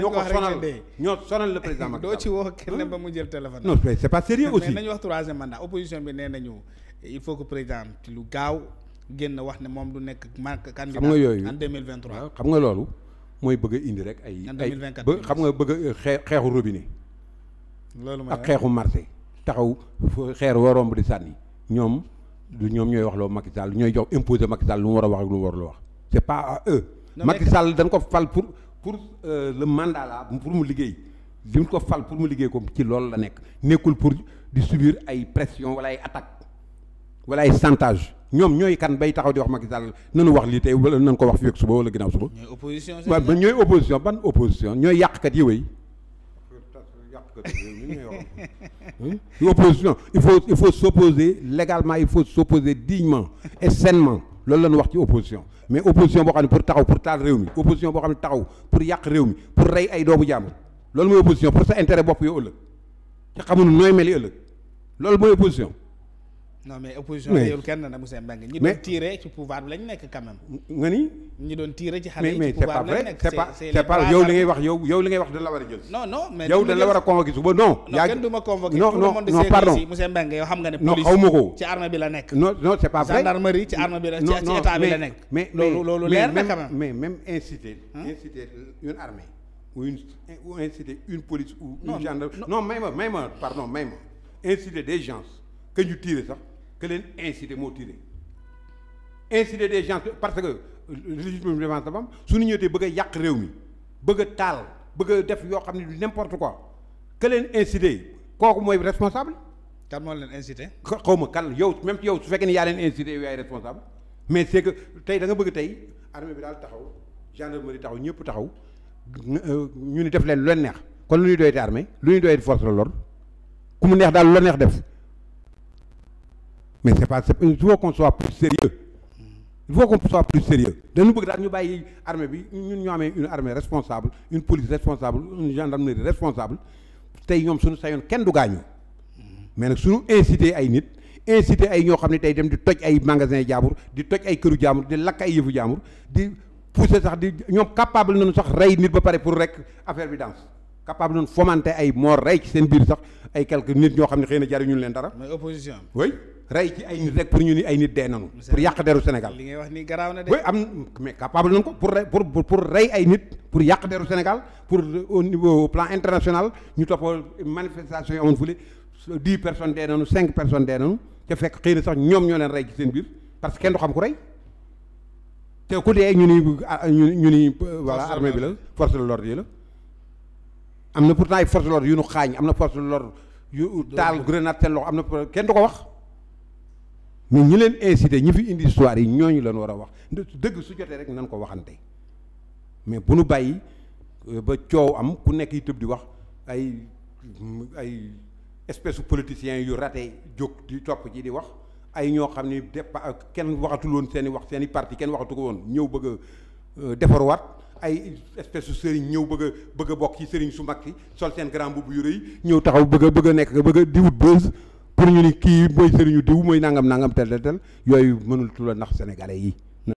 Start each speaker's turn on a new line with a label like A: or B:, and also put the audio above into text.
A: ñoo ko sonal ñoo sonal
B: le président Macky Sall doo ci woo kenn ba mu jël téléphone. non c'est pas sérieux aussi mais nañu wax troisième mandat opposition bi nee nañu il faut que président ci lu gaaw génn wax ne moom du nekk marque candidat xam nga yooyu en 2023 xam
A: nga loolu mooy bëgg indi rek ay ay xam nga bëgg a euh, xeexu robine
B: loolu ak xeexu
A: marché taxaw xeer wa romb di sànni ñoom du ñoom ñooy wax loo Macky Sall ñooy jox imposer Macky lu mu war a wax ak lu mu warul wax c'est pas à eux Macky Sall ko fal pour pour euh, le mandat là pour mu liggéey li mu ko fal pour mu liggéey ko ci loolu la nekk nekkul pour di subir ay pression wala ay attaque wala ay chantage ñoom ñooy kan bay taxaw di wax Macky Sall nanu wax lii tey wala nanu ko wax fii ak suba wala ginnaaw suba. ñooy opposition waaw ñooy opposition ban opposition ñooy yàqkat yi wéy. opposition il faut il faut s'opposer légalement il faut s'opposer dignement et loolu la ñu wax ci opposition mais opposition boo xam ne pour taxaw pour taal réew mi opposition boo xam ne taxaw pour yàq réew mi pour rey ay doomu jàmbur loolu mooy opposition pour sa intérêt bopp yow ëllëg ci xamul nooy meli ëllëg loolu mooy opposition
B: non mais opposition bi yow kenn nag monsieur Mbengue ñi doon tiré ci pouvoir bi lañ nekk quand même. nga ni. ñi doon tiré ci xale yi ci pouvoir bi lañ nekk c'est pas vrai c'est pas yow li ngay wax yow yow li ngay wax da la war a jël. non non mais yow da la war a convoqué suba non. yaa kenn du ma convoqué. non non non pardon si monsieur Mbengue yow xam nga ne. police ci armée bi la nekk. non non c'est pas vrai gendarmerie ci armée bi la ci état bi la nekk. mais loolu loolu leer na quand même mais
A: même inciter. inciter une armée ou une ou inciter une police ou une gendarmerie. non may ma may ma pardon may ma inciter des gens que ñu tiré sax que leen incité moo tiré incité des gens parce que légitimité défense dafa am su ñu ñëwee bëgg yàq réew mi bëgg a taal bëgg def yoo xam ne du n'importe quoi que leen incité kooku mooy responsable. kan moo leen incité. xaw ma kan yow même yow su fekkee ne yaa leen incité yow yaay responsable mais c'est que tey danga bëgg tey armée bi daal taxaw gendarmerie taxaw ñëpp taxaw ñu ni def leen lu leen neex kon lu ñuy doyati armée lu ñuy doyati force de l'ordre ku mu neex daal neex def. mais c'est pas il faut qu'on soit plus sérieux il faut qu'on soit plus sérieux dañu bëgg daal ñu bàyyi armée bi ñun ñu amee une armée responsable une police responsable une gendarmerie responsable tey ñoom suñu yoon kenn du gaañu mais nag sunu incité ay nit incité ay ñoo xam ne tey dem di toj ay magasin jaambur di toj ay këru jaamur di lakk ay yëfu jaambur di poussé sax di ñoom capable nañu sax rey nit ba pare pour rek affaire bi danse capable nañu fomenter ay mort rey ci seen biir sax ay nit ñoo xam ne xëy na jariñu leen dara. mais opposition oui. rey ci ay nit rek pour ñu ni ay nit dee nañu pour yàq deru Sénégal li ngay wax ni garaaw na de am mais capable nañ ko pour pour pour rey ay nit pour yàq deru Sénégal pour au niveau plan international ñu toppoo manifestation yi amoon fule dix personnes dee nañu cinq personnes dee nañu te fekk xëy na sax ñoom ñoo leen rey ci seen biir parce que kenn du xam ku rey te ku dee ñu ni ñu ñu ni voilà armée bi la force de l'ordre yi la am na pourtant ay force de yu nu xaañ am na force de l'ordre yu taal am na kenn du ko wax mais ñi leen incité ñi fi indi histoire yi ñoo ñu leen war a wax dëgg su jotee rek nan ko waxante mais bu nu bàyyi euh, ba coow am ku nekk yi tëb di wax ay ay espèce politicien yu raté jóg di topp ci di wax ay ñoo xam ni dépa kenn waxatul woon seen i wax seen i parti kenn waxatu ko woon ñëw bëgg a euh, ay espèce u sëriñ ñëw bëgg a bëgg bokk ci sëriñ su mag ki sol seen grand mbubb yu rëy ñëw taxaw bëgg a nekk bëgg a di wut buzz
B: pour ñu ni kii mooy sëriñu diw mooy nangam nangam tel tel tel yooyu mënul tula ndax sénégalais yi